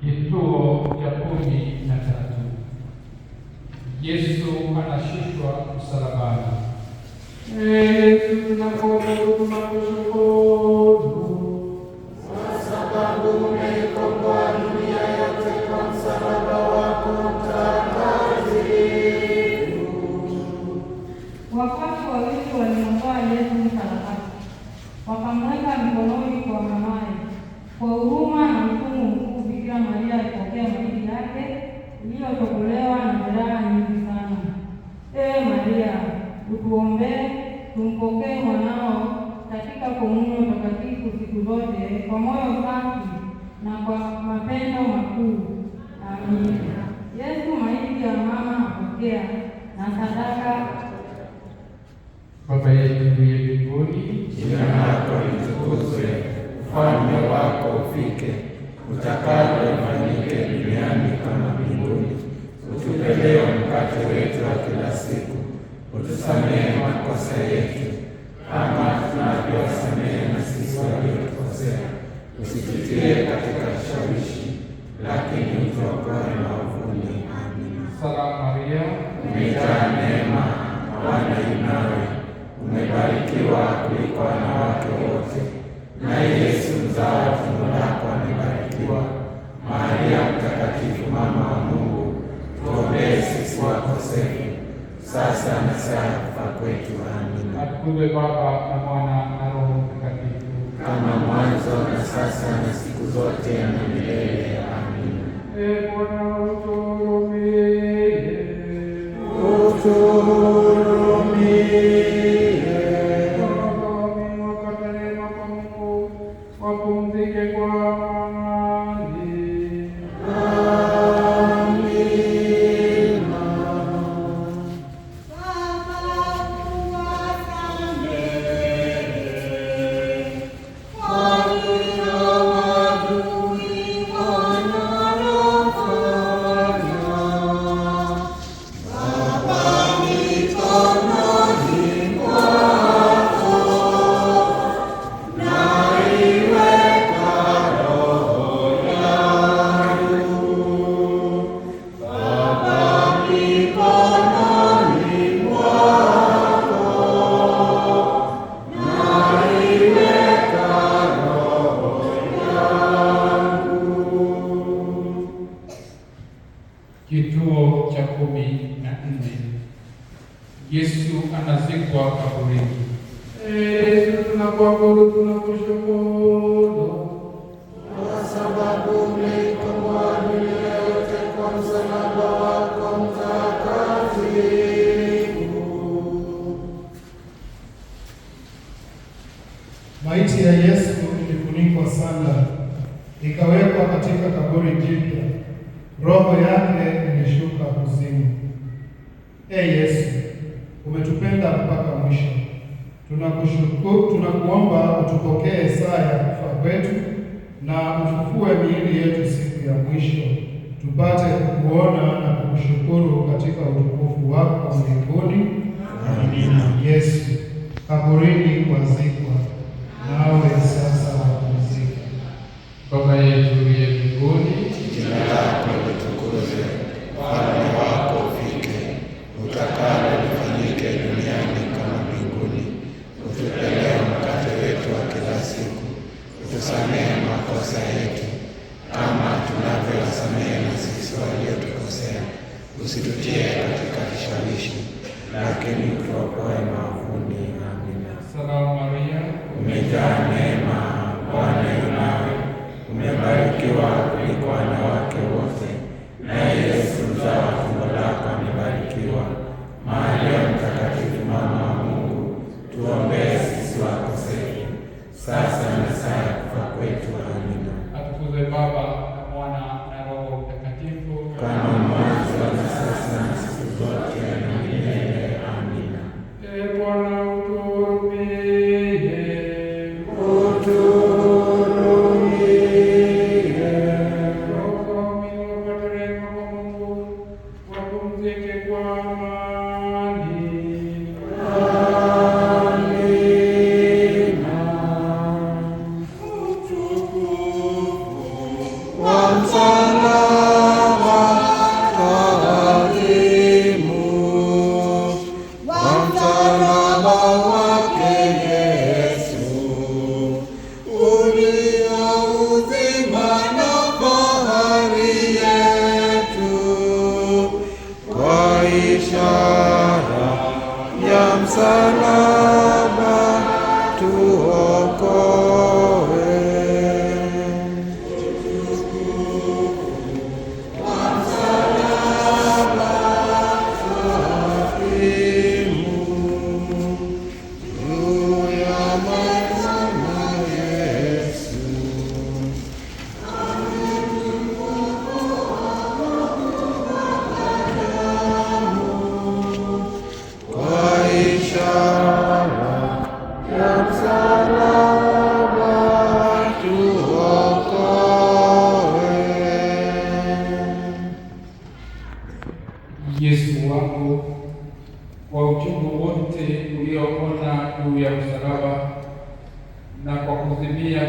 Kituo cha kumi na tatu Yesu anashushwa msalabani. Yesu nakuomba tunakushukuru kwa sababu umeikomboa iliyotokolewa na jeraha nyingi sana. Ee Maria, utuombee tumpokee mwanao katika komunyo takatifu siku zote kwa moyo safi na kwa mapendo makuu. Amina. Yesu maiti ya mama apokea na sadaka. Baba yetu uliye mbinguni, jina lako litukuzwe, ufalme wako ufike, utakalo ufanyike duniani kama vile tusamehe makosa yetu kama tunavyowasamehe na sisi waliotukosea, usitutie katika shawishi, lakini utuokoe maovuni. Amina. Salamu Maria, umejaa neema, Bwana yu nawe, umebarikiwa kuliko wanawake wote, naye Yesu mzao wa tumbo lako amebarikiwa. Maria Mtakatifu, mama wa Mungu, tuombee sisi wakosefu sasa na saa kufa kwetu. Amina. Atukuzwe Baba na Mwana na Roho Mtakatifu, kama mwanzo na sasa na siku zote na milele. Amina. E Bwana, utuhurumie, utuhurumie. Yesu anazikwa kaburini. Yesu tunakuabudu, tunakushukuru kwa sababu umeikomboa dunia yote kwa msalaba wako mtakatifu. Maiti ya Yesu ilifunikwa sanda, ikawekwa katika kaburi jipya, roho yake imeshuka kuzimu. Ee Yesu umetupenda mpaka mwisho. Tunakushukuru, tunakuomba utupokee saa ya kufa kwetu na ufufue miili yetu siku ya mwisho, tupate kukuona na kukushukuru katika utukufu wako mbinguni. Amina. Yesu kaburini kwazikwa, nawe sasa wapumzika. Baba yetu uliye mbinguni, jina lako litukuzwe utusamehe makosa yetu kama tunavyowasamehe na sisi waliotukosea, usitutie katika kishawishi, lakini tuokoe maovuni. Amina. Salamu Maria, umejaa neema, Bwana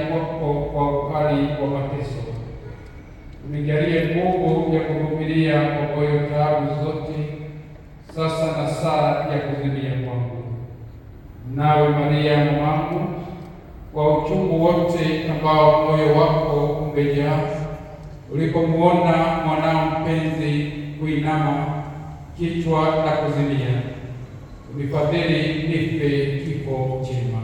kwako kwa ukali wa mateso. Unijalie nguvu ya kuvumilia kwa moyo taabu zote, sasa na saa ya kuzimia kwangu. Nawe Maria mwangu, kwa uchungu wote ambao moyo wako umejaa ulipomwona mwanao mpenzi kuinama kichwa na kuzimia, ulifadhili nife kifo chema.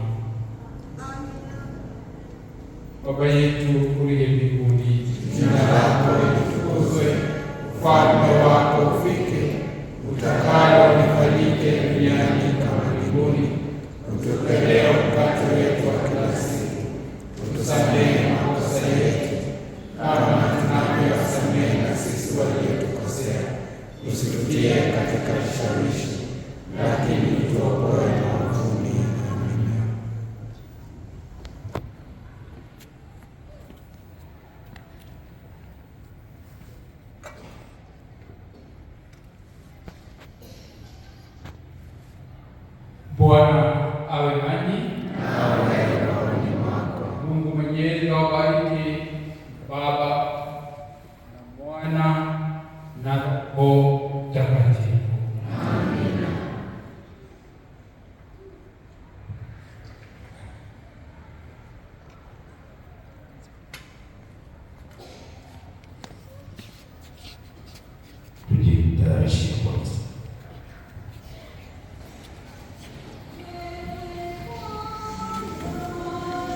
Baba yetu uliye mbinguni, jina lako litukuzwe, ufalme wako ufike, utakalo lifanyike duniani kama mbinguni. Utupe leo mkate wetu wa kila siku, utusamehe makosa yetu kama tunavyowasamehe na sisi waliotukosea, usitutie katika kishawishi Bwana awe nanyi. Mungu Mwenyezi